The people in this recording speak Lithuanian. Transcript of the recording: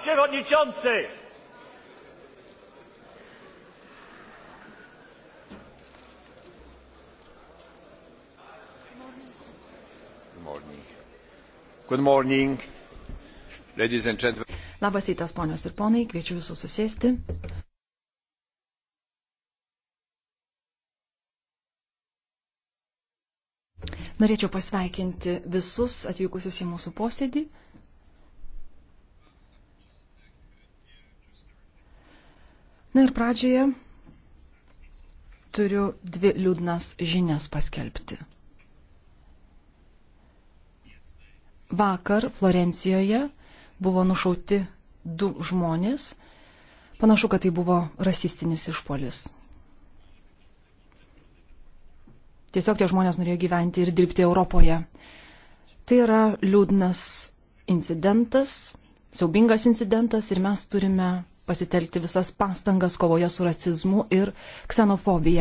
przewodniczący! Good morning. Good morning. Ladies and gentlemen. Labas rytas, ponios ir ponai, kviečiu visus susėsti. Norėčiau pasveikinti visus atvykusius į mūsų posėdį. Na ir pradžioje turiu dvi liūdnas žinias paskelbti. Vakar Florencijoje buvo nušauti du žmonės. Panašu, kad tai buvo rasistinis išpolis. Tiesiog tie žmonės norėjo gyventi ir dirbti Europoje. Tai yra liūdnas incidentas, siaubingas incidentas ir mes turime pasitelkti visas pastangas kovoje su rasizmu ir ksenofobija.